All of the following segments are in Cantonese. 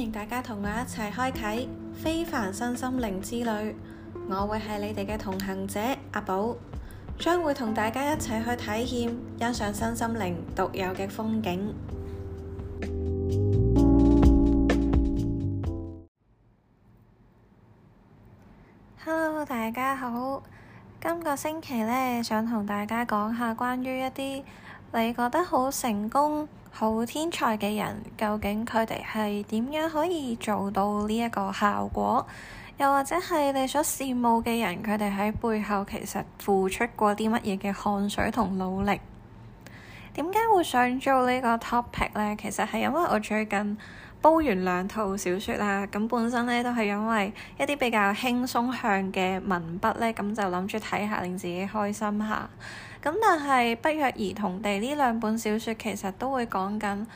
歡迎大家同我一齊開啟非凡身心靈之旅，我會係你哋嘅同行者阿寶，將會同大家一齊去體驗欣賞身心靈獨有嘅風景。Hello，大家好，今個星期呢，想同大家講下關於一啲你覺得好成功。好天才嘅人究竟佢哋係點樣可以做到呢一個效果？又或者係你所羨慕嘅人，佢哋喺背後其實付出過啲乜嘢嘅汗水同努力？點解會想做呢個 topic 咧？其實係因為我最近煲完兩套小說啦，咁本身咧都係因為一啲比較輕鬆向嘅文筆咧，咁就諗住睇下令自己開心下。咁但係不約而同地，呢兩本小説其實都會講緊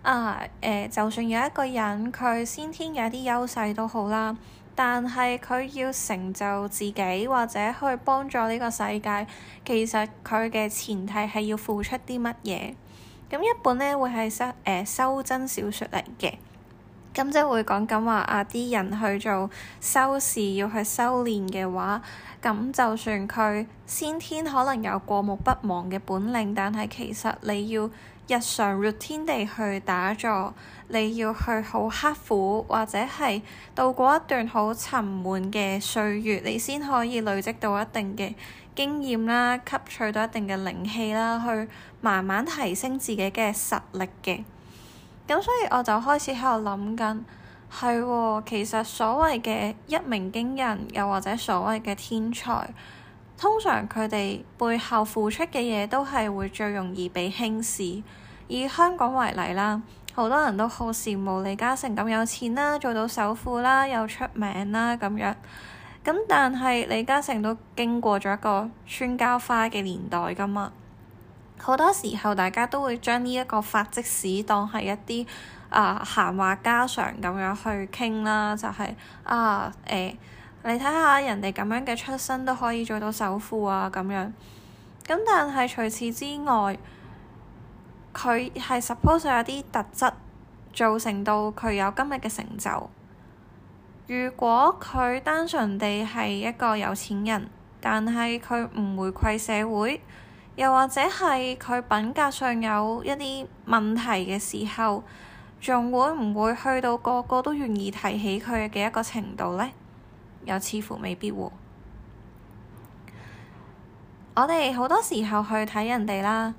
啊誒、呃，就算有一個人佢先天有一啲優勢都好啦，但係佢要成就自己或者去幫助呢個世界，其實佢嘅前提係要付出啲乜嘢。咁一本咧會係修誒、呃、修真小説嚟嘅，咁即係會講緊話啊啲人去做修士，要去修練嘅話。咁就算佢先天可能有過目不忘嘅本領，但係其實你要日常入天地去打坐，你要去好刻苦，或者係度過一段好沉悶嘅歲月，你先可以累積到一定嘅經驗啦，吸取到一定嘅靈氣啦，去慢慢提升自己嘅實力嘅。咁所以我就開始喺度諗緊。係喎、哦，其實所謂嘅一鳴驚人，又或者所謂嘅天才，通常佢哋背後付出嘅嘢都係會最容易被輕視。以香港為例啦，好多人都好羨慕李嘉誠咁有錢啦，做到首富啦，又出名啦咁樣。咁但係李嘉誠都經過咗一個穿膠花嘅年代㗎嘛，好多時候大家都會將呢一個發跡史當係一啲。啊，閒話家常咁樣去傾啦，就係、是、啊，誒、欸，你睇下人哋咁樣嘅出身都可以做到首富啊，咁樣咁、嗯，但係除此之外，佢係 suppose 有啲特質造成到佢有今日嘅成就。如果佢單純地係一個有錢人，但係佢唔回饋社會，又或者係佢品格上有一啲問題嘅時候。仲會唔會去到個個都願意提起佢嘅一個程度呢？又似乎未必喎。我哋好多時候去睇人哋啦，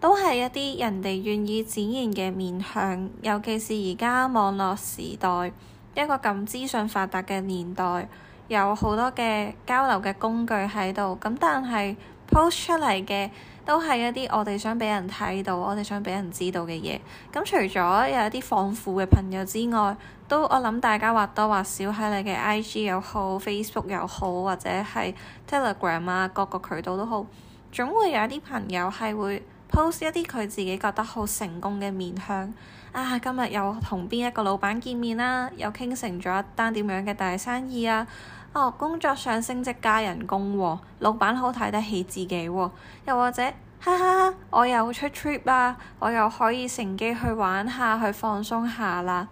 都係一啲人哋願意展現嘅面向，尤其是而家網絡時代，一個咁資訊發達嘅年代，有好多嘅交流嘅工具喺度，咁但係。post 出嚟嘅都係一啲我哋想俾人睇到，我哋想俾人知道嘅嘢。咁除咗有一啲放負嘅朋友之外，都我諗大家或多或少喺你嘅 IG 又好、Facebook 又好，或者係 Telegram 啊，各個渠道都好，總會有一啲朋友係會 post 一啲佢自己覺得好成功嘅面向。啊，今日又同邊一個老闆見面啦、啊，又傾成咗一單點樣嘅大生意啊！哦，工作上升職加人工喎，老闆好睇得起自己喎，又或者，哈哈哈，我又出 trip 啦，啊，我又可以乘機去玩下去放鬆下啦。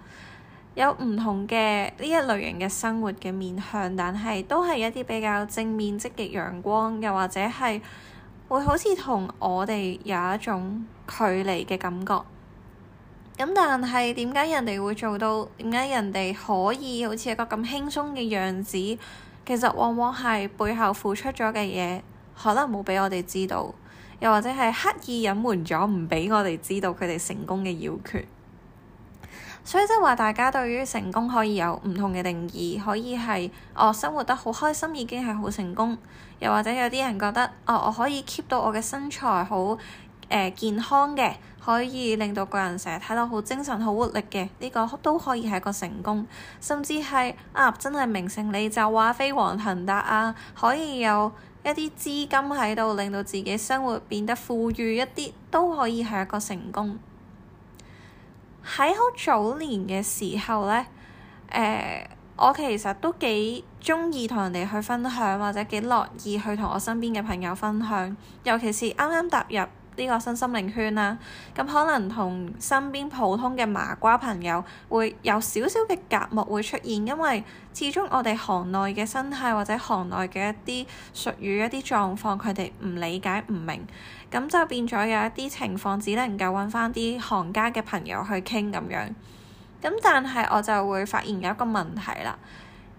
有唔同嘅呢一類型嘅生活嘅面向，但係都係一啲比較正面積極陽光，又或者係會好似同我哋有一種距離嘅感覺。咁但係點解人哋會做到？點解人哋可以好似一個咁輕鬆嘅樣子？其實往往係背後付出咗嘅嘢，可能冇畀我哋知道，又或者係刻意隱瞞咗，唔畀我哋知道佢哋成功嘅要訣。所以即係話，大家對於成功可以有唔同嘅定義，可以係哦生活得好開心已經係好成功，又或者有啲人覺得哦我可以 keep 到我嘅身材好誒、呃、健康嘅。可以令到個人成日睇到好精神、好活力嘅呢、呢個都可以係一個成功，甚至係啊，真係名成利就話飛黃騰達啊！可以有一啲資金喺度，令到自己生活變得富裕一啲，都可以係一個成功。喺好早年嘅時候呢，誒、呃，我其實都幾鍾意同人哋去分享，或者幾樂意去同我身邊嘅朋友分享，尤其是啱啱踏入呢個新心靈圈啦，咁可能同身邊普通嘅麻瓜朋友會有少少嘅隔膜會出現，因為始終我哋行內嘅生態或者行內嘅一啲術語、一啲狀況，佢哋唔理解唔明，咁就變咗有一啲情況只能夠揾翻啲行家嘅朋友去傾咁樣。咁但係我就會發現有一個問題啦，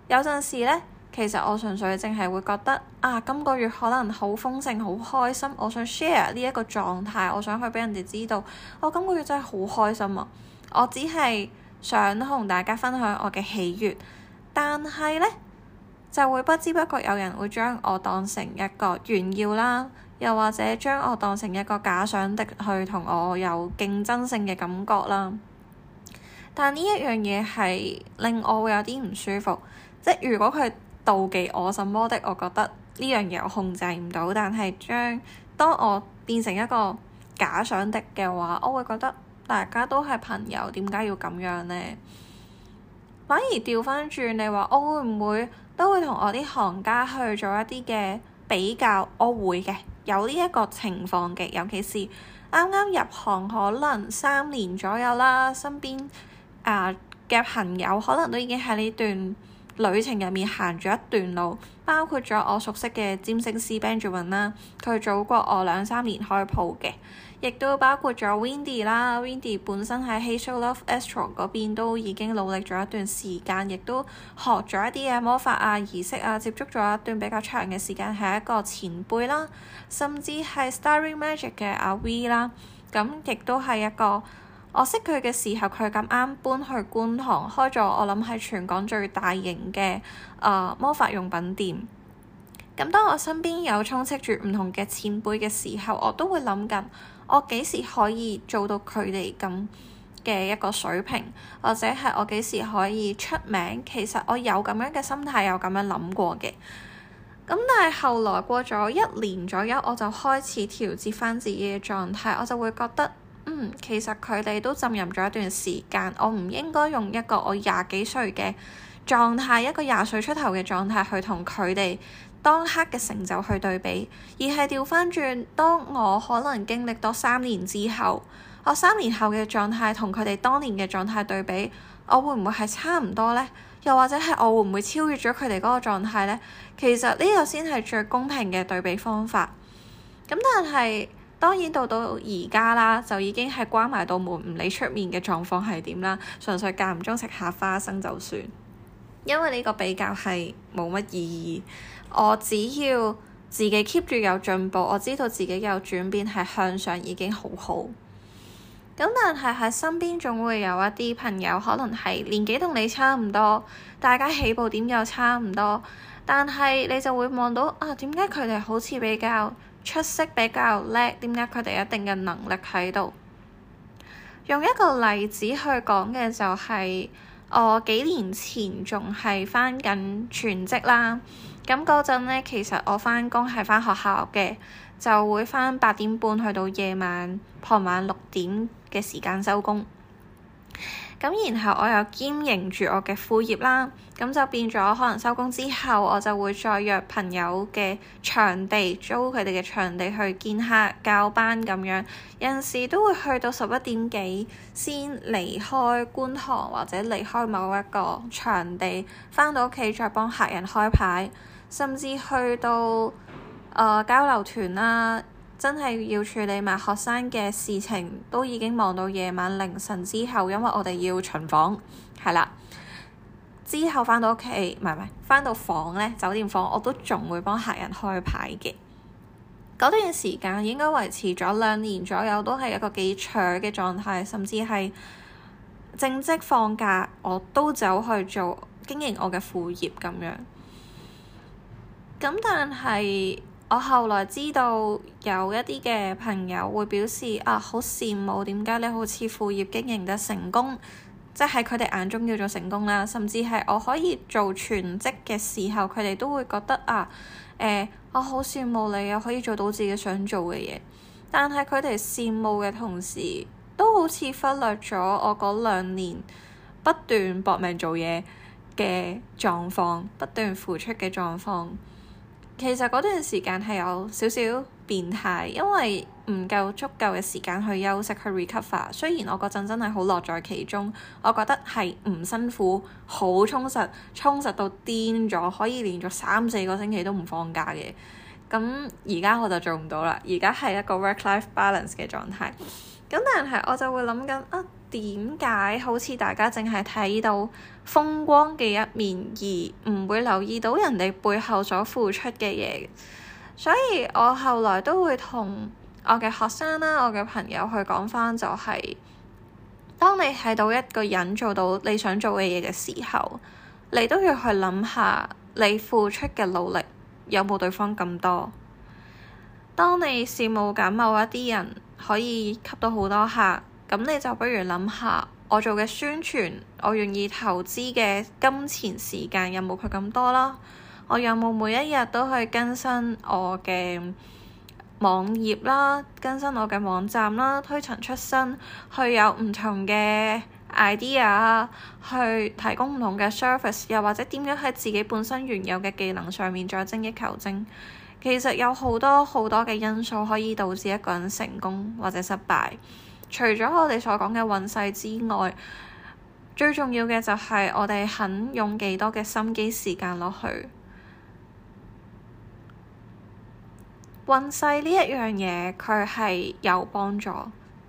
有陣時呢。其實我純粹淨係會覺得啊，今個月可能好豐盛、好開心，我想 share 呢一個狀態，我想去俾人哋知道，我、哦、今個月真係好開心啊！我只係想同大家分享我嘅喜悅，但係呢，就會不知不覺有人會將我當成一個炫耀啦，又或者將我當成一個假想敵去同我有競爭性嘅感覺啦。但呢一樣嘢係令我會有啲唔舒服，即係如果佢。妒忌我什麼的，我覺得呢樣嘢我控制唔到。但係將當我變成一個假想敵嘅話，我會覺得大家都係朋友，點解要咁樣咧？反而調翻轉，你話我會唔會都會同我啲行家去做一啲嘅比較，我會嘅，有呢一個情況嘅，尤其是啱啱入行可能三年左右啦，身邊啊嘅、呃、朋友可能都已經喺呢段。旅程入面行咗一段路，包括咗我熟悉嘅占星斯 Benjamin 啦，佢早過我兩三年開鋪嘅，亦都包括咗 w e n d y 啦 w e n d y 本身喺 h a z e l l o v e Astro 嗰邊都已經努力咗一段時間，亦都學咗一啲嘅魔法啊、儀式啊，接觸咗一段比較長嘅時間係一個前輩啦，甚至係 Starry Magic 嘅阿 We 啦，咁亦都係一個。我識佢嘅時候，佢咁啱搬去觀塘，開咗我諗係全港最大型嘅誒、呃、魔法用品店。咁當我身邊有充斥住唔同嘅前輩嘅時候，我都會諗緊我幾時可以做到佢哋咁嘅一個水平，或者係我幾時可以出名。其實我有咁樣嘅心態，有咁樣諗過嘅。咁但係後來過咗一年左右，我就開始調節翻自己嘅狀態，我就會覺得。嗯，其實佢哋都浸淫咗一段時間，我唔應該用一個我廿幾歲嘅狀態，一個廿歲出頭嘅狀態去同佢哋當刻嘅成就去對比，而係掉返轉，當我可能經歷多三年之後，我三年後嘅狀態同佢哋當年嘅狀態對比，我會唔會係差唔多呢？又或者係我會唔會超越咗佢哋嗰個狀態呢？其實呢個先係最公平嘅對比方法。咁但係。當然到到而家啦，就已經係關埋道門，唔理出面嘅狀況係點啦，純粹間唔中食下花生就算，因為呢個比較係冇乜意義。我只要自己 keep 住有進步，我知道自己有轉變，係向上已經好好。咁但係喺身邊仲會有一啲朋友，可能係年紀同你差唔多，大家起步點又差唔多，但係你就會望到啊，點解佢哋好似比較？出色比較叻，點解佢哋一定嘅能力喺度？用一個例子去講嘅就係、是、我幾年前仲係返緊全職啦，咁嗰陣呢，其實我返工係返學校嘅，就會返八點半去到夜晚傍晚六點嘅時間收工。咁然後我又兼營住我嘅副業啦，咁就變咗可能收工之後，我就會再約朋友嘅場地，租佢哋嘅場地去見客教班咁樣，有陣時都會去到十一點幾先離開觀塘或者離開某一個場地，返到屋企再幫客人開牌，甚至去到、呃、交流團啦。真係要處理埋學生嘅事情，都已經忙到夜晚凌晨之後，因為我哋要巡房，係啦。之後返到屋企，唔係唔係返到房咧，酒店房我都仲會幫客人開牌嘅。嗰段時間應該維持咗兩年左右，都係一個幾長嘅狀態，甚至係正職放假我都走去做經營我嘅副業咁樣。咁但係。我後來知道有一啲嘅朋友會表示啊，好羨慕點解你好似副業經營得成功，即係佢哋眼中叫做成功啦。甚至係我可以做全職嘅時候，佢哋都會覺得啊，欸，我好羨慕你啊，我可以做到自己想做嘅嘢。但係佢哋羨慕嘅同時，都好似忽略咗我嗰兩年不斷搏命做嘢嘅狀況，不斷付出嘅狀況。其實嗰段時間係有少少變態，因為唔夠足夠嘅時間去休息，去 recover。雖然我嗰陣真係好樂在其中，我覺得係唔辛苦，好充實，充實到癲咗，可以連續三四個星期都唔放假嘅。咁而家我就做唔到啦，而家係一個 work-life balance 嘅狀態。咁但係我就會諗緊啊～點解好似大家淨係睇到風光嘅一面，而唔會留意到人哋背後所付出嘅嘢？所以我後來都會同我嘅學生啦、啊、我嘅朋友去講返、就係，就係當你睇到一個人做到你想做嘅嘢嘅時候，你都要去諗下你付出嘅努力有冇對方咁多。當你羨慕緊某一啲人可以吸到好多客。咁你就不如諗下，我做嘅宣傳，我願意投資嘅金錢時間有冇佢咁多啦？我有冇每一日都去更新我嘅網頁啦，更新我嘅網站啦，推陳出新，去有唔同嘅 idea，去提供唔同嘅 service，又或者點樣喺自己本身原有嘅技能上面再精益求精。其實有好多好多嘅因素可以導致一個人成功或者失敗。除咗我哋所講嘅運勢之外，最重要嘅就係我哋肯用幾多嘅心機時間落去。運勢呢一樣嘢，佢係有幫助，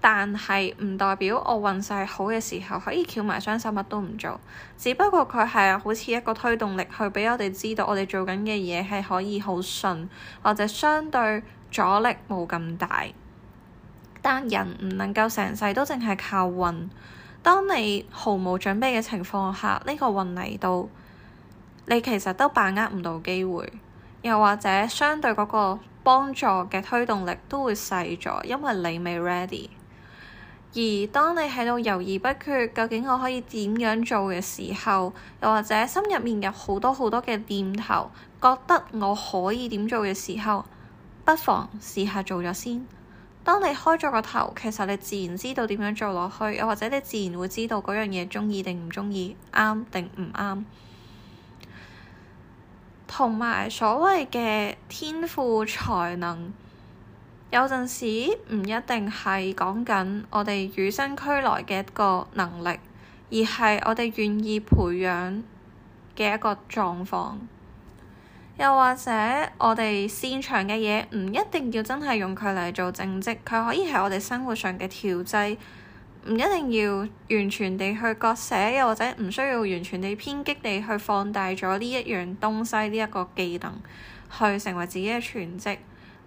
但係唔代表我運勢好嘅時候可以翹埋雙手乜都唔做。只不過佢係好似一個推動力，去畀我哋知道我哋做緊嘅嘢係可以好順，或者相對阻力冇咁大。但人唔能夠成世都淨係靠運。當你毫無準備嘅情況下，呢個運嚟到，你其實都把握唔到機會。又或者，相對嗰個幫助嘅推動力都會細咗，因為你未 ready。而當你喺度猶豫不決，究竟我可以點樣做嘅時候，又或者心入面有好多好多嘅念頭，覺得我可以點做嘅時候，不妨試下做咗先。當你開咗個頭，其實你自然知道點樣做落去，又或者你自然會知道嗰樣嘢中意定唔中意，啱定唔啱。同埋所謂嘅天賦才能，有陣時唔一定係講緊我哋與生俱來嘅一個能力，而係我哋願意培養嘅一個狀況。又或者我哋擅長嘅嘢，唔一定要真係用佢嚟做正職，佢可以係我哋生活上嘅調劑，唔一定要完全地去割捨，又或者唔需要完全地偏激地去放大咗呢一樣東西、呢一個技能，去成為自己嘅全職。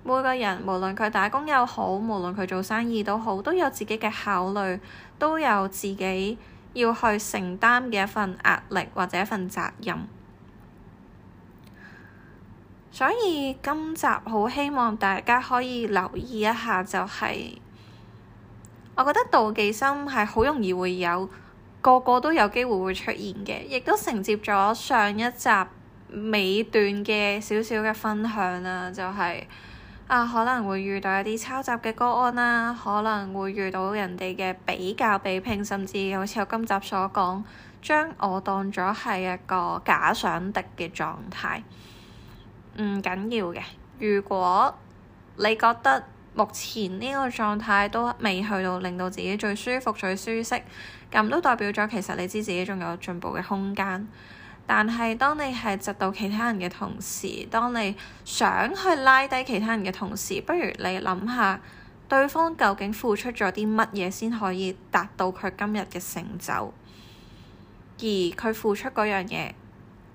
每個人無論佢打工又好，無論佢做生意都好，都有自己嘅考慮，都有自己要去承擔嘅一份壓力或者一份責任。所以今集好希望大家可以留意一下，就係、是、我覺得妒忌心係好容易會有個個都有機會會出現嘅，亦都承接咗上一集尾段嘅少少嘅分享啦，就係、是、啊可能會遇到一啲抄襲嘅個案啦，可能會遇到人哋嘅比較比拼，甚至好似我今集所講，將我當咗係一個假想敵嘅狀態。唔緊要嘅，如果你覺得目前呢個狀態都未去到令到自己最舒服、最舒適，咁都代表咗其實你知自己仲有進步嘅空間。但係當你係嫉妒其他人嘅同時，當你想去拉低其他人嘅同時，不如你諗下對方究竟付出咗啲乜嘢先可以達到佢今日嘅成就，而佢付出嗰樣嘢。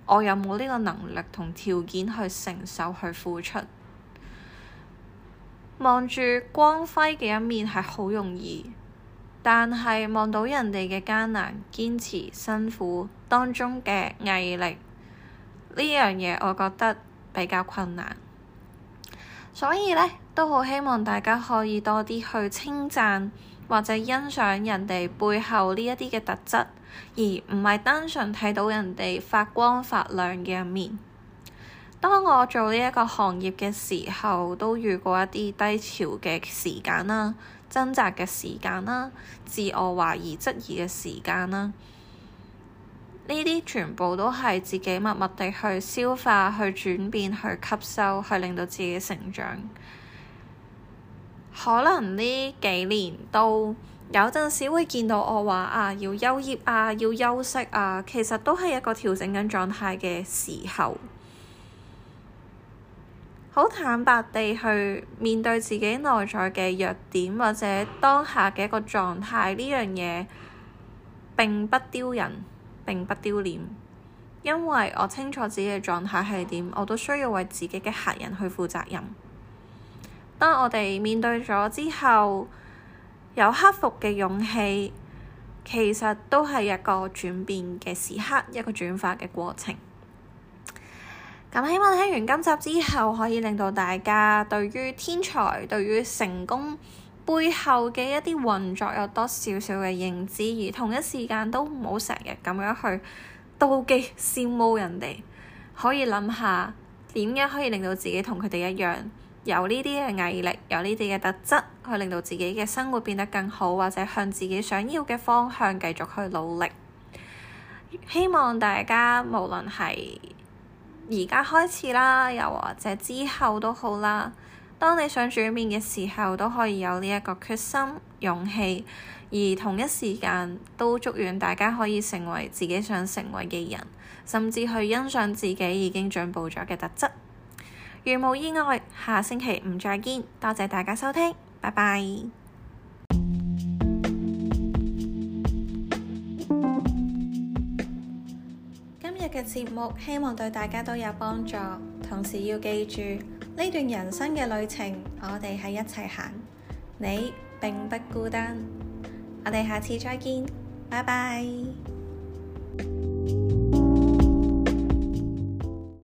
我有冇呢個能力同條件去承受去付出？望住光輝嘅一面係好容易，但係望到人哋嘅艱難、堅持、辛苦當中嘅毅力，呢樣嘢我覺得比較困難。所以呢，都好希望大家可以多啲去稱讚或者欣賞人哋背後呢一啲嘅特質。而唔係單純睇到人哋發光發亮嘅一面。當我做呢一個行業嘅時候，都遇過一啲低潮嘅時間啦，掙扎嘅時間啦，自我懷疑、質疑嘅時間啦。呢啲全部都係自己默默地去消化、去轉變、去吸收、去令到自己成長。可能呢幾年都～有陣時會見到我話啊，要休業啊，要休息啊，其實都係一個調整緊狀態嘅時候。好坦白地去面對自己內在嘅弱點或者當下嘅一個狀態，呢樣嘢並不丟人，並不丟臉，因為我清楚自己嘅狀態係點，我都需要為自己嘅客人去負責任。當我哋面對咗之後，有克服嘅勇氣，其實都係一個轉變嘅時刻，一個轉化嘅過程。咁希望聽完今集之後，可以令到大家對於天才、對於成功背後嘅一啲運作有多少少嘅認知，而同一時間都唔好成日咁樣去妒忌、羨慕人哋，可以諗下點樣可以令到自己同佢哋一樣。有呢啲嘅毅力，有呢啲嘅特質去令到自己嘅生活變得更好，或者向自己想要嘅方向繼續去努力。希望大家無論係而家開始啦，又或者之後都好啦，當你想轉變嘅時候，都可以有呢一個決心、勇氣，而同一時間都祝願大家可以成為自己想成為嘅人，甚至去欣賞自己已經進步咗嘅特質。如無意外，下星期五再見，多謝大家收聽，拜拜。今日嘅節目希望對大家都有幫助，同時要記住呢段人生嘅旅程，我哋喺一齊行，你並不孤單。我哋下次再見，拜拜。